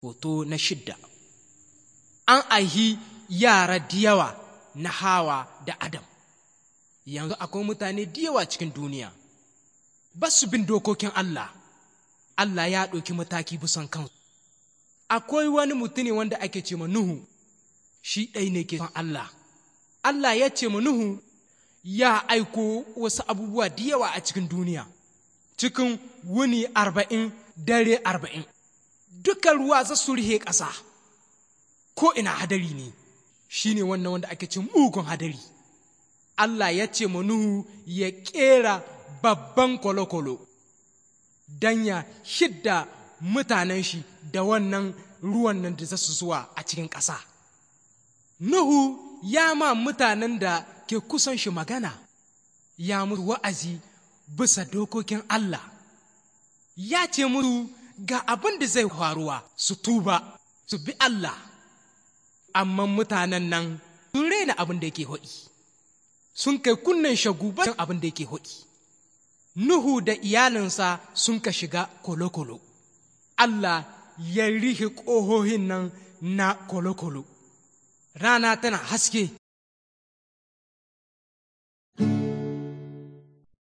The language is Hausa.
hoto na shidda an aiki yara diyawa na hawa da adam yanzu akwai mutane diyawa cikin duniya ba su bin dokokin Allah Allah ya ɗauki mataki busan kansu akwai wani mutune wanda ake ce Nuhu shi ɗai ne ke son Allah Allah ya ce Nuhu ya aiko wasu abubuwa diyawa a cikin duniya cikin wuni arba'in dare arba'in Dukkan ruwa za su rihe ƙasa ko ina hadari ne shi ne wannan wanda ake cin mugun hadari Allah ya ce mu Nuhu ya ƙera babban kwalokwalo don ya shidda mutanen shi da wannan ruwan nan da za su zuwa a cikin ƙasa Nuhu ya ma mutanen da ke kusan shi magana ya mutu wa'azi bisa dokokin Allah ya ce mutu ga abin da zai faruwa su tuba su bi Allah amma mutanen nan sun raina abin da yake hoɗi sun kai kunnen shaguban abin da yake hoɗi Nuhu da iyalinsa sun ka shiga kolokolo Allah ya rihe ƙohohin nan na kolokolo rana tana haske